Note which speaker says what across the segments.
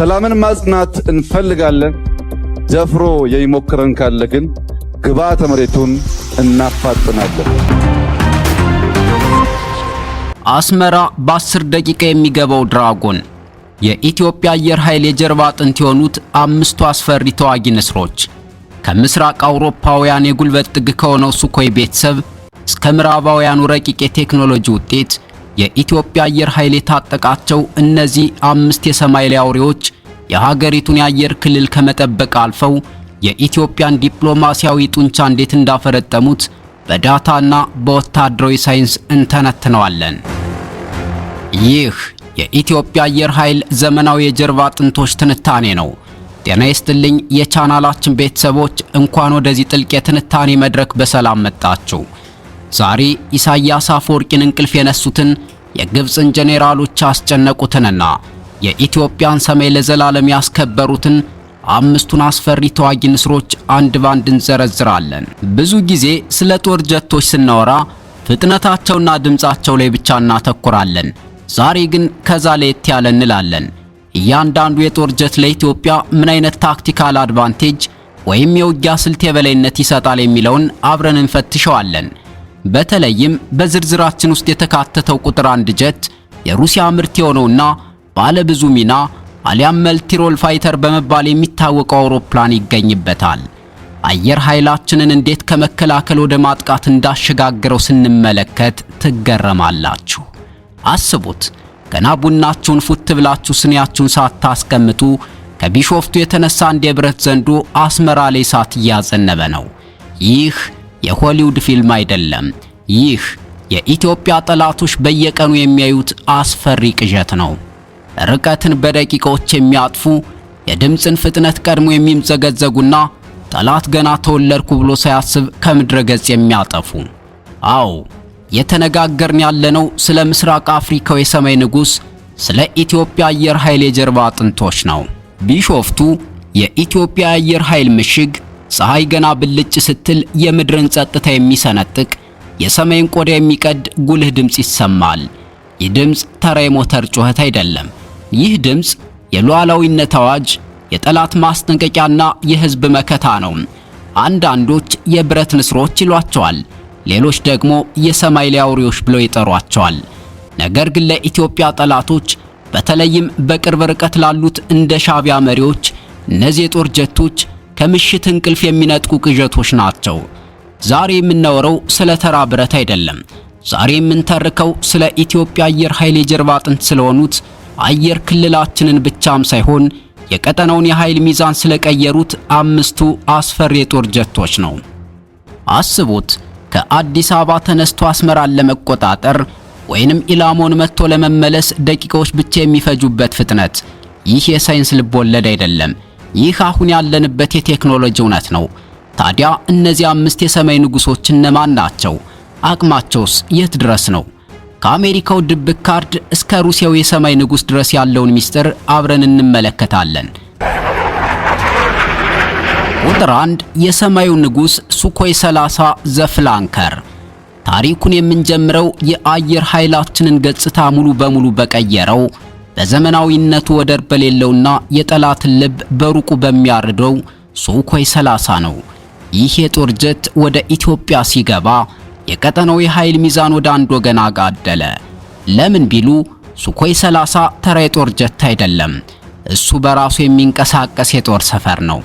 Speaker 1: ሰላምን ማጽናት እንፈልጋለን። ደፍሮ የሚሞክረን ካለ ግን ግብዓተ መሬቱን እናፋጥናለን። አስመራ በ10 ደቂቃ የሚገባው ድራጎን የኢትዮጵያ አየር ኃይል የጀርባ አጥንት የሆኑት አምስቱ አስፈሪ ተዋጊ ንስሮች ከምስራቅ አውሮፓውያን የጉልበት ጥግ ከሆነው ሱኮይ ቤተሰብ እስከ ምዕራባውያኑ ረቂቅ የቴክኖሎጂ ውጤት የኢትዮጵያ አየር ኃይል የታጠቃቸው እነዚህ አምስት የሰማይ ላይ አውሬዎች የሀገሪቱን የአየር ክልል ከመጠበቅ አልፈው የኢትዮጵያን ዲፕሎማሲያዊ ጡንቻ እንዴት እንዳፈረጠሙት በዳታና በወታደራዊ ሳይንስ እንተነትነዋለን። ይህ የኢትዮጵያ አየር ኃይል ዘመናዊ የጀርባ አጥንቶች ትንታኔ ነው። ጤና ይስጥልኝ የቻናላችን ቤተሰቦች፣ እንኳን ወደዚህ ጥልቅ የትንታኔ መድረክ በሰላም መጣችሁ። ዛሬ ኢሳያስ አፈወርቂን እንቅልፍ የነሱትን የግብፅን ጄኔራሎች አስጨነቁትንና የኢትዮጵያን ሰማይ ለዘላለም ያስከበሩትን አምስቱን አስፈሪ ተዋጊ ንስሮች አንድ ባንድ እንዘረዝራለን። ብዙ ጊዜ ስለ ጦር ጀቶች ስናወራ ፍጥነታቸውና ድምጻቸው ላይ ብቻ እናተኩራለን። ዛሬ ግን ከዛ ለየት ያለ እንላለን። እያንዳንዱ የጦር ጀት ለኢትዮጵያ ምን አይነት ታክቲካል አድቫንቴጅ ወይም የውጊያ ስልት የበላይነት ይሰጣል የሚለውን አብረን እንፈትሸዋለን። በተለይም በዝርዝራችን ውስጥ የተካተተው ቁጥር አንድ ጀት የሩሲያ ምርት የሆነውና ባለ ብዙ ሚና አሊያም መልቲሮል ፋይተር በመባል የሚታወቀው አውሮፕላን ይገኝበታል። አየር ኃይላችንን እንዴት ከመከላከል ወደ ማጥቃት እንዳሸጋግረው ስንመለከት ትገረማላችሁ። አስቡት ገና ቡናችሁን ፉት ብላችሁ ስኒያችሁን ሳታስቀምጡ ከቢሾፍቱ የተነሳ አንድ የብረት ዘንዶ አስመራ ላይ እሳት እያዘነበ ነው። ይህ የሆሊውድ ፊልም አይደለም። ይህ የኢትዮጵያ ጠላቶች በየቀኑ የሚያዩት አስፈሪ ቅዠት ነው። ርቀትን በደቂቃዎች የሚያጥፉ የድምፅን ፍጥነት ቀድሞ የሚምዘገዘጉና ጠላት ገና ተወለድኩ ብሎ ሳያስብ ከምድረ ገጽ የሚያጠፉ። አዎ የተነጋገርን ያለነው ስለ ምስራቅ አፍሪካው የሰማይ ንጉሥ ስለ ኢትዮጵያ አየር ኃይል የጀርባ አጥንቶች ነው። ቢሾፍቱ የኢትዮጵያ አየር ኃይል ምሽግ ፀሐይ ገና ብልጭ ስትል የምድርን ጸጥታ የሚሰነጥቅ የሰማይን ቆዳ የሚቀድ ጉልህ ድምፅ ይሰማል። ይህ ድምፅ ተራ የሞተር ጩኸት አይደለም። ይህ ድምፅ የሉዓላዊነት አዋጅ፣ የጠላት ማስጠንቀቂያና የህዝብ መከታ ነው። አንዳንዶች የብረት ንስሮች ይሏቸዋል፣ ሌሎች ደግሞ የሰማይ ላይ አውሬዎች ብለው ይጠሯቸዋል። ነገር ግን ለኢትዮጵያ ጠላቶች በተለይም በቅርብ ርቀት ላሉት እንደ ሻቢያ መሪዎች እነዚህ የጦር ጀቶች ከምሽት እንቅልፍ የሚነጥቁ ቅዠቶች ናቸው። ዛሬ የምናወረው ስለ ተራ ብረት አይደለም። ዛሬ የምንተርከው ስለ ኢትዮጵያ አየር ኃይል የጀርባ አጥንት ስለሆኑት አየር ክልላችንን ብቻም ሳይሆን የቀጠናውን የኃይል ሚዛን ስለቀየሩት አምስቱ አስፈሪ የጦር ጀቶች ነው። አስቡት፣ ከአዲስ አበባ ተነስቶ አስመራን ለመቆጣጠር ወይንም ኢላሞን መጥቶ ለመመለስ ደቂቃዎች ብቻ የሚፈጁበት ፍጥነት። ይህ የሳይንስ ወለድ አይደለም። ይህ አሁን ያለንበት የቴክኖሎጂ እውነት ነው። ታዲያ እነዚህ አምስት የሰማይ ንጉሶች እነማን ናቸው? አቅማቸውስ የት ድረስ ነው? ከአሜሪካው ድብቅ ካርድ እስከ ሩሲያው የሰማይ ንጉሥ ድረስ ያለውን ሚስጥር አብረን እንመለከታለን። ቁጥር አንድ የሰማዩ ንጉሥ ሱኮይ 30 ዘፍላንከር። ታሪኩን የምንጀምረው የአየር ኃይላችንን ገጽታ ሙሉ በሙሉ በቀየረው በዘመናዊነቱ ወደር በሌለውና የጠላትን ልብ በሩቁ በሚያርደው ሱኮይ 30 ነው። ይህ የጦር ጀት ወደ ኢትዮጵያ ሲገባ የቀጠናው የኃይል ሚዛን ወደ አንድ ወገን አጋደለ። ለምን ቢሉ ሱኮይ 30 ተራ የጦር ጀት አይደለም። እሱ በራሱ የሚንቀሳቀስ የጦር ሰፈር ነው።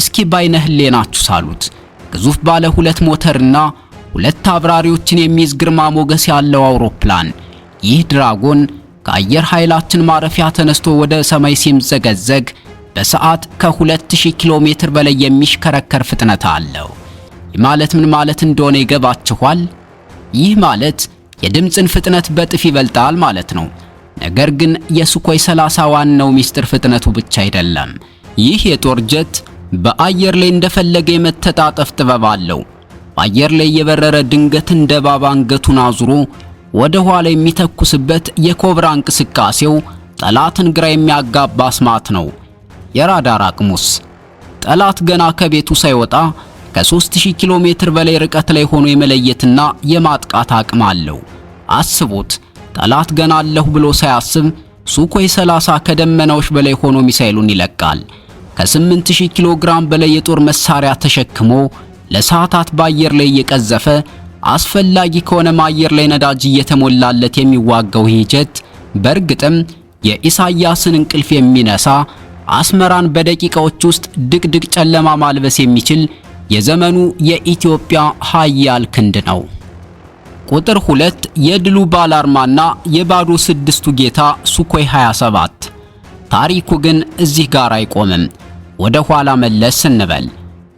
Speaker 1: እስኪ ባይነ ህሌናችሁ ሳሉት። ግዙፍ ባለ ሁለት ሞተርና ሁለት አብራሪዎችን የሚይዝ ግርማ ሞገስ ያለው አውሮፕላን። ይህ ድራጎን ከአየር ኃይላችን ማረፊያ ተነስቶ ወደ ሰማይ ሲምዘገዘግ በሰዓት ከ2000 ኪሎ ሜትር በላይ የሚሽከረከር ፍጥነት አለው። ማለት ምን ማለት እንደሆነ ይገባችኋል? ይህ ማለት የድምፅን ፍጥነት በጥፍ ይበልጣል ማለት ነው። ነገር ግን የሱኮይ 30 ዋናው ሚስጥር ፍጥነቱ ብቻ አይደለም። ይህ የጦር ጀት በአየር ላይ እንደፈለገ የመተጣጠፍ ጥበብ አለው። በአየር ላይ የበረረ ድንገት እንደ እባብ አንገቱን አዙሮ ወደ ኋላ የሚተኩስበት የኮብራ እንቅስቃሴው ጠላትን ግራ የሚያጋባ አስማት ነው። የራዳር አቅሙስ ጠላት ገና ከቤቱ ሳይወጣ ከ3000 ኪሎ ሜትር በላይ ርቀት ላይ ሆኖ የመለየትና የማጥቃት አቅም አለው። አስቡት፣ ጠላት ገና አለሁ ብሎ ሳያስብ ሱኮይ 30 ከደመናዎች በላይ ሆኖ ሚሳኤሉን ይለቃል። ከ8000 ኪሎ ግራም በላይ የጦር መሳሪያ ተሸክሞ ለሰዓታት በአየር ላይ እየቀዘፈ አስፈላጊ ከሆነ አየር ላይ ነዳጅ እየተሞላለት የሚዋጋው ይህ ጀት በእርግጥም የኢሳያስን እንቅልፍ የሚነሳ አስመራን በደቂቃዎች ውስጥ ድቅድቅ ጨለማ ማልበስ የሚችል የዘመኑ የኢትዮጵያ ሀያል ክንድ ነው። ቁጥር 2 የድሉ ባላርማና የባዶ ስድስቱ ጌታ ሱኮይ 27። ታሪኩ ግን እዚህ ጋር አይቆምም። ወደ ኋላ መለስ እንበል።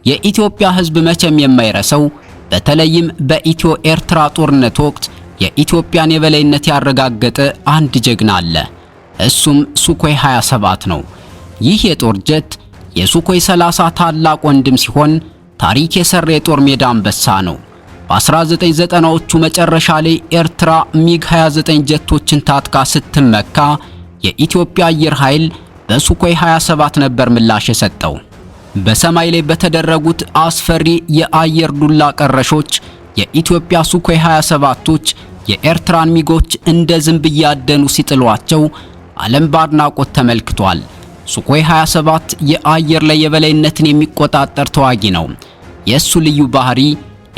Speaker 1: የኢትዮጵያ ሕዝብ መቼም የማይረሰው በተለይም በኢትዮ ኤርትራ ጦርነት ወቅት የኢትዮጵያን የበላይነት ያረጋገጠ አንድ ጀግና አለ። እሱም ሱኮይ 27 ነው። ይህ የጦር ጀት የሱኮይ 30 ታላቅ ወንድም ሲሆን ታሪክ የሰራ የጦር ሜዳ አንበሳ ነው። በ1990ዎቹ መጨረሻ ላይ ኤርትራ ሚግ 29 ጀቶችን ታጥቃ ስትመካ የኢትዮጵያ አየር ኃይል በሱኮይ 27 ነበር ምላሽ የሰጠው። በሰማይ ላይ በተደረጉት አስፈሪ የአየር ዱላ ቀረሾች የኢትዮጵያ ሱኮይ 27ቶች የኤርትራን ሚጎች እንደ ዝንብ እያደኑ ሲጥሏቸው ዓለም በአድናቆት ተመልክቷል። ሱኮይ 27 የአየር ላይ የበላይነትን የሚቆጣጠር ተዋጊ ነው። የእሱ ልዩ ባህሪ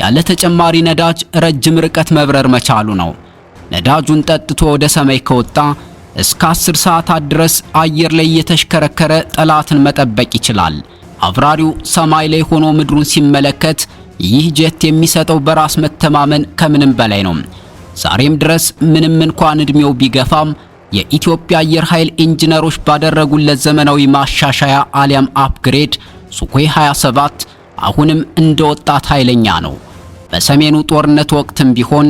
Speaker 1: ያለ ተጨማሪ ነዳጅ ረጅም ርቀት መብረር መቻሉ ነው። ነዳጁን ጠጥቶ ወደ ሰማይ ከወጣ እስከ 10 ሰዓታት ድረስ አየር ላይ እየተሽከረከረ ጠላትን መጠበቅ ይችላል። አብራሪው ሰማይ ላይ ሆኖ ምድሩን ሲመለከት ይህ ጀት የሚሰጠው በራስ መተማመን ከምንም በላይ ነው። ዛሬም ድረስ ምንም እንኳን እድሜው ቢገፋም የኢትዮጵያ አየር ኃይል ኢንጂነሮች ባደረጉለት ዘመናዊ ማሻሻያ አሊያም አፕግሬድ ሱኮይ 27 አሁንም እንደ ወጣት ኃይለኛ ነው። በሰሜኑ ጦርነት ወቅትም ቢሆን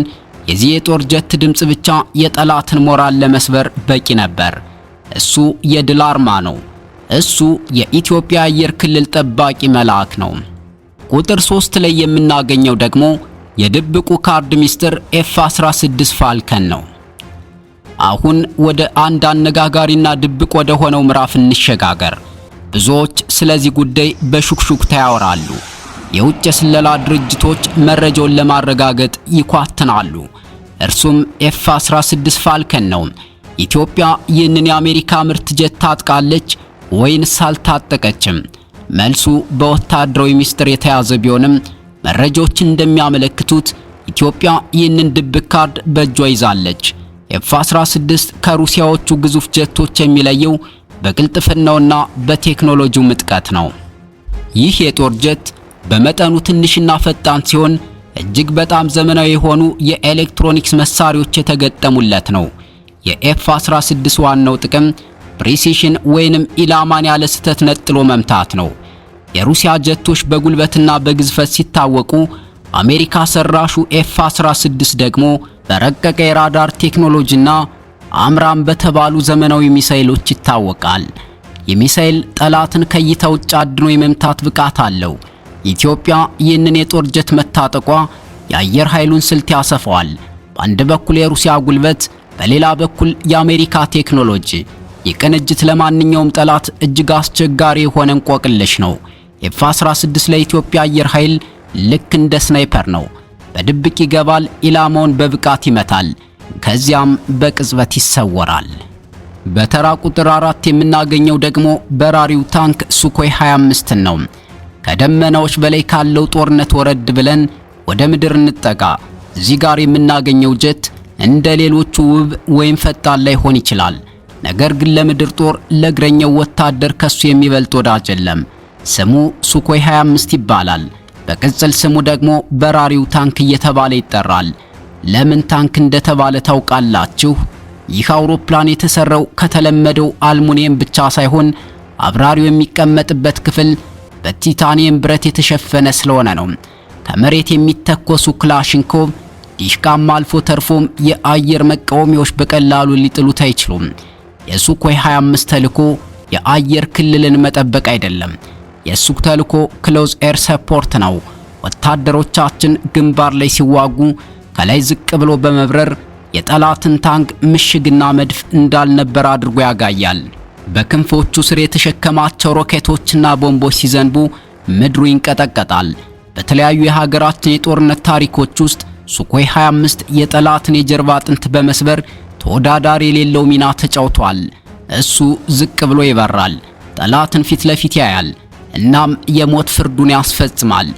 Speaker 1: የዚህ የጦር ጀት ድምፅ ብቻ የጠላትን ሞራል ለመስበር በቂ ነበር። እሱ የድል አርማ ነው። እሱ የኢትዮጵያ አየር ክልል ጠባቂ መልአክ ነው። ቁጥር 3 ላይ የምናገኘው ደግሞ የድብቁ ካርድ ሚስጥር ኤፍ 16 ፋልከን ነው። አሁን ወደ አንድ አነጋጋሪና ድብቅ ወደ ሆነው ምዕራፍ እንሸጋገር። ብዙዎች ስለዚህ ጉዳይ በሹክሹክታ ያወራሉ። የውጭ የስለላ ድርጅቶች መረጃውን ለማረጋገጥ ይኳትናሉ። እርሱም ኤፍ 16 ፋልከን ነው። ኢትዮጵያ ይህንን የአሜሪካ ምርት ጀት ታጥቃለች ወይንስ አልታጠቀችም? መልሱ በወታደራዊ ሚስጥር የተያዘ ቢሆንም መረጃዎች እንደሚያመለክቱት ኢትዮጵያ ይህንን ድብቅ ካርድ በእጇ ይዛለች። ኤፍ 16 ከሩሲያዎቹ ግዙፍ ጀቶች የሚለየው በቅልጥፍናውና በቴክኖሎጂው ምጥቀት ነው። ይህ የጦር ጀት በመጠኑ ትንሽና ፈጣን ሲሆን እጅግ በጣም ዘመናዊ የሆኑ የኤሌክትሮኒክስ መሳሪያዎች የተገጠሙለት ነው። የኤፍ 16 ዋናው ጥቅም ፕሪሲሽን ወይንም ኢላማን ያለ ስህተት ነጥሎ መምታት ነው። የሩሲያ ጀቶች በጉልበትና በግዝፈት ሲታወቁ አሜሪካ ሰራሹ ኤፍ 16 ደግሞ በረቀቀ የራዳር ቴክኖሎጂና አምራም በተባሉ ዘመናዊ ሚሳኤሎች ይታወቃል። የሚሳኤል ጠላትን ከእይታ ውጭ አድኖ የመምታት ብቃት አለው። ኢትዮጵያ ይህንን የጦር ጀት መታጠቋ የአየር ኃይሉን ስልት ያሰፋዋል። በአንድ በኩል የሩሲያ ጉልበት፣ በሌላ በኩል የአሜሪካ ቴክኖሎጂ። የቅንጅት ለማንኛውም ጠላት እጅግ አስቸጋሪ የሆነ እንቆቅልሽ ነው። ኤፍ 16 ለኢትዮጵያ አየር ኃይል ልክ እንደ ስናይፐር ነው። በድብቅ ይገባል፣ ኢላማውን በብቃት ይመታል፣ ከዚያም በቅጽበት ይሰወራል። በተራ ቁጥር አራት የምናገኘው ደግሞ በራሪው ታንክ ሱኮይ 25 ነው። ከደመናዎች በላይ ካለው ጦርነት ወረድ ብለን ወደ ምድር እንጠጋ። እዚህ ጋር የምናገኘው ጀት እንደ ሌሎቹ ውብ ወይም ፈጣን ላይሆን ይችላል። ነገር ግን ለምድር ጦር ለእግረኛው ወታደር ከሱ የሚበልጥ ወዳጅ የለም። ስሙ ሱኮይ 25 ይባላል። በቅጽል ስሙ ደግሞ በራሪው ታንክ እየተባለ ይጠራል። ለምን ታንክ እንደተባለ ታውቃላችሁ? ይህ አውሮፕላን የተሰራው ከተለመደው አልሙኒየም ብቻ ሳይሆን አብራሪው የሚቀመጥበት ክፍል በቲታኒየም ብረት የተሸፈነ ስለሆነ ነው። ከመሬት የሚተኮሱ ክላሽንኮቭ ዲሽቃም አልፎ ተርፎም የአየር መቃወሚያዎች በቀላሉ ሊጥሉት አይችሉም። የሱኮይ 25 ተልዕኮ የአየር ክልልን መጠበቅ አይደለም የሱክ ተልኮ ክሎዝ ኤር ሰፖርት ነው። ወታደሮቻችን ግንባር ላይ ሲዋጉ ከላይ ዝቅ ብሎ በመብረር የጠላትን ታንክ ምሽግና መድፍ እንዳልነበር አድርጎ ያጋያል። በክንፎቹ ስር የተሸከማቸው ሮኬቶችና ቦምቦች ሲዘንቡ ምድሩ ይንቀጠቀጣል። በተለያዩ የሀገራችን የጦርነት ታሪኮች ውስጥ ሱኮይ 25 የጠላትን የጀርባ አጥንት በመስበር ተወዳዳሪ የሌለው ሚና ተጫውቷል። እሱ ዝቅ ብሎ ይበራል፣ ጠላትን ፊት ለፊት ያያል። እናም የሞት ፍርዱን ያስፈጽማል።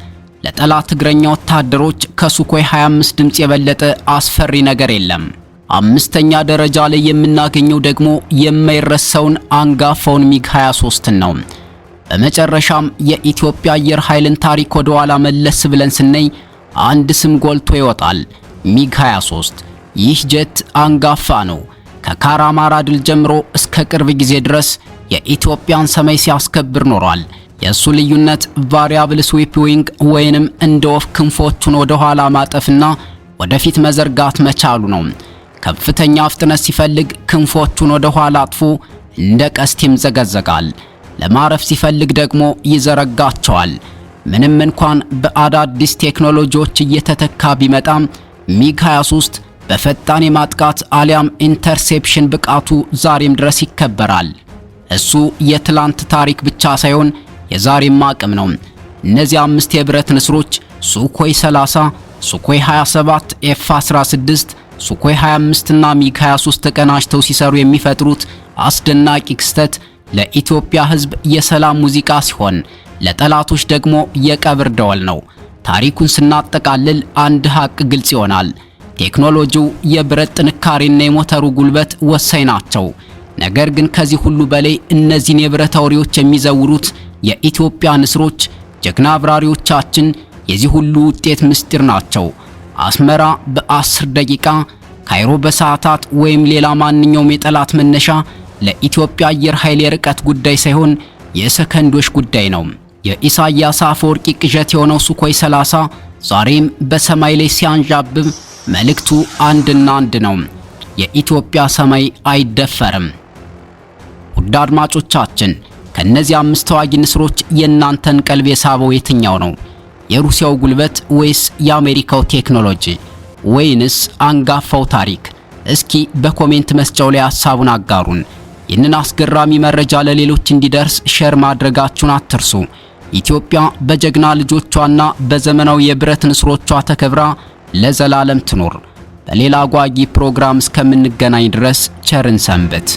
Speaker 1: ለጠላት እግረኛ ወታደሮች ከሱኮይ 25 ድምፅ የበለጠ አስፈሪ ነገር የለም። አምስተኛ ደረጃ ላይ የምናገኘው ደግሞ የማይረሳውን አንጋፋውን ሚግ 23 ነው። በመጨረሻም የኢትዮጵያ አየር ኃይልን ታሪክ ወደ ኋላ መለስ ብለን ስናይ አንድ ስም ጎልቶ ይወጣል፣ ሚግ 23። ይህ ጀት አንጋፋ ነው። ከካራማራ ድል ጀምሮ እስከ ቅርብ ጊዜ ድረስ የኢትዮጵያን ሰማይ ሲያስከብር ኖሯል። የእሱ ልዩነት ቫሪያብል ዊንግ ወይንም እንደ ወፍ ክንፎቹን ወደ ኋላ ማጠፍና ወደፊት መዘርጋት መቻሉ ነው። ከፍተኛ ፍጥነት ሲፈልግ ክንፎቹን ወደ ኋላ አጥፎ እንደ ቀስት ይምዘገዘጋል። ለማረፍ ሲፈልግ ደግሞ ይዘረጋቸዋል። ምንም እንኳን በአዳዲስ ቴክኖሎጂዎች እየተተካ ቢመጣም ሚግ 23 በፈጣን የማጥቃት አሊያም ኢንተርሴፕሽን ብቃቱ ዛሬም ድረስ ይከበራል። እሱ የትላንት ታሪክ ብቻ ሳይሆን የዛሬም አቅም ነው። እነዚህ አምስት የብረት ንስሮች ሱኮይ 30፣ ሱኮይ 27፣ ኤፍ 16፣ ሱኮይ 25 እና ሚግ 23 ተቀናጅተው ሲሰሩ የሚፈጥሩት አስደናቂ ክስተት ለኢትዮጵያ ሕዝብ የሰላም ሙዚቃ ሲሆን ለጠላቶች ደግሞ የቀብር ደወል ነው። ታሪኩን ስናጠቃልል አንድ ሀቅ ግልጽ ይሆናል። ቴክኖሎጂው፣ የብረት ጥንካሬና የሞተሩ ጉልበት ወሳኝ ናቸው። ነገር ግን ከዚህ ሁሉ በላይ እነዚህን የብረት አውሬዎች የሚዘውሩት የኢትዮጵያ ንስሮች ጀግና አብራሪዎቻችን የዚህ ሁሉ ውጤት ምስጢር ናቸው። አስመራ በአስር ደቂቃ፣ ካይሮ በሰዓታት ወይም ሌላ ማንኛውም የጠላት መነሻ ለኢትዮጵያ አየር ኃይል የርቀት ጉዳይ ሳይሆን የሰከንዶች ጉዳይ ነው። የኢሳያስ አፈወርቂ ቅዠት የሆነው ሱኮይ 30 ዛሬም በሰማይ ላይ ሲያንዣብብ መልእክቱ አንድና አንድ ነው። የኢትዮጵያ ሰማይ አይደፈርም። ውድ አድማጮቻችን ከእነዚህ አምስት ተዋጊ ንስሮች የእናንተን ቀልብ የሳበው የትኛው ነው? የሩሲያው ጉልበት ወይስ የአሜሪካው ቴክኖሎጂ ወይንስ አንጋፋው ታሪክ? እስኪ በኮሜንት መስጫው ላይ ሐሳቡን አጋሩን። ይህንን አስገራሚ መረጃ ለሌሎች እንዲደርስ ሼር ማድረጋችሁን አትርሱ። ኢትዮጵያ በጀግና ልጆቿና በዘመናዊ የብረት ንስሮቿ ተከብራ ለዘላለም ትኖር። በሌላ አጓጊ ፕሮግራም እስከምንገናኝ ድረስ ቸርን ሰንብት።